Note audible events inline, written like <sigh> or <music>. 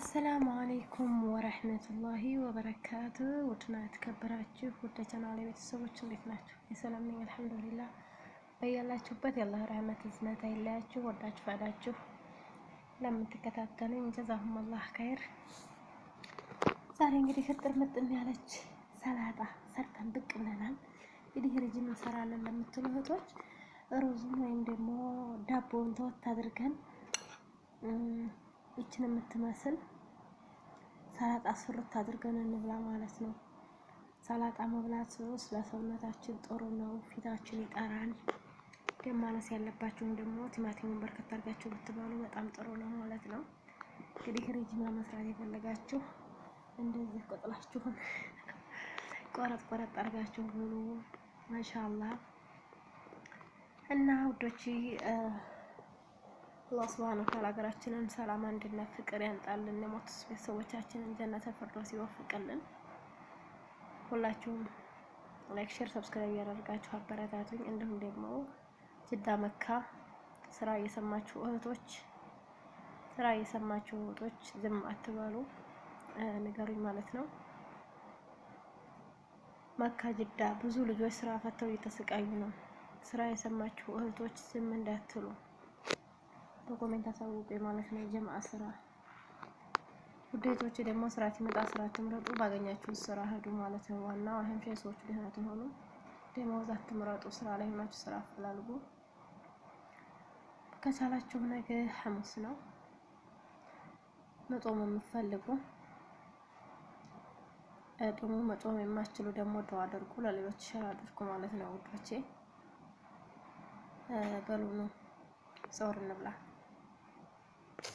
አሰላሙ አሌይኩም ወረህመቱላሂ ወበረካቱ ውድና የተከበራችሁ ውድ ቻናል ቤተሰቦች እንዴት ናችሁ? የሰላም ነኝ አልሐምዱሊላ። በያላችሁበት የአላህ ረህመት እዝነት አይለያችሁ። ወዳችሁ ፈዳችሁ ለምትከታተሉኝ ጀዛሁም አላህ ከይር። ዛሬ እንግዲህ ፍጥር ምጥን ያለች ሰላጣ ሰርተን ብቅ ብለናል። እንግዲህ ርጅም እንሰራለን ለምትሉ እህቶች ሩዙን ወይም ደግሞ ዳቦውን ተወት አድርገን ይችን የምትመስል ሰላጣ ስሩት አድርገን እንብላ ማለት ነው። ሰላጣ መብላት ስለ ሰውነታችን ጥሩ ነው። ፊታችን ይጠራል። ደም ማነስ ያለባችሁም ደግሞ ቲማቲሙን በርከት አድርጋችሁ ብትበሉ በጣም ጥሩ ነው ማለት ነው። እንግዲህ ሬጅም ለመስራት የፈለጋችሁ እንደዚህ ቁጥላችሁን <laughs> ቆረጥ ቆረጥ አድርጋችሁ ብሉ። ማሻአላህ እና ውዶች አላህ ሱብሃነሁ ወተዓላ ሀገራችንን ሰላም፣ አንድነት፣ ፍቅር ያንጣልን። የሞቱት ቤተሰቦቻችንን ጀነተ ፊርደውስ ይወፍቅልን። ሁላችሁም ላይክ፣ ሼር፣ ሰብስክራይብ ያደርጋችሁ አበረታቱኝ። እንዲሁም ደግሞ ጅዳ መካ ስራ እየሰማችሁ እህቶች ስራ እየሰማችሁ እህቶች ዝም አትበሉ፣ ንገሩኝ ማለት ነው። መካ ጅዳ ብዙ ልጆች ስራ ፈተው እየተሰቃዩ ነው። ስራ የሰማችሁ እህቶች ዝም እንዳትሉ። በኮሜንት አሳውቁ ማለት ነው። የጀማ ስራ ውዴቶች ደግሞ ስራ ሲመጣ ስራ ትምረጡ፣ ባገኛችሁ ስራ ሄዱ ማለት ነው። ዋና አሁን ሰዎች ደህና ትሆኑ፣ ደሞዝ አትምረጡ፣ ስራ ላይ ሆናችሁ ስራ አፈላልጉ። ከቻላችሁ ነገ ሐሙስ ነው መጾም የምፈልጉ ደግሞ መጾም የማችሉ ደግሞ ደው አድርጉ፣ ለሌሎች ሸር አድርጉ ማለት ነው ውዶቼ። በሉ ነው ጾር እንብላ።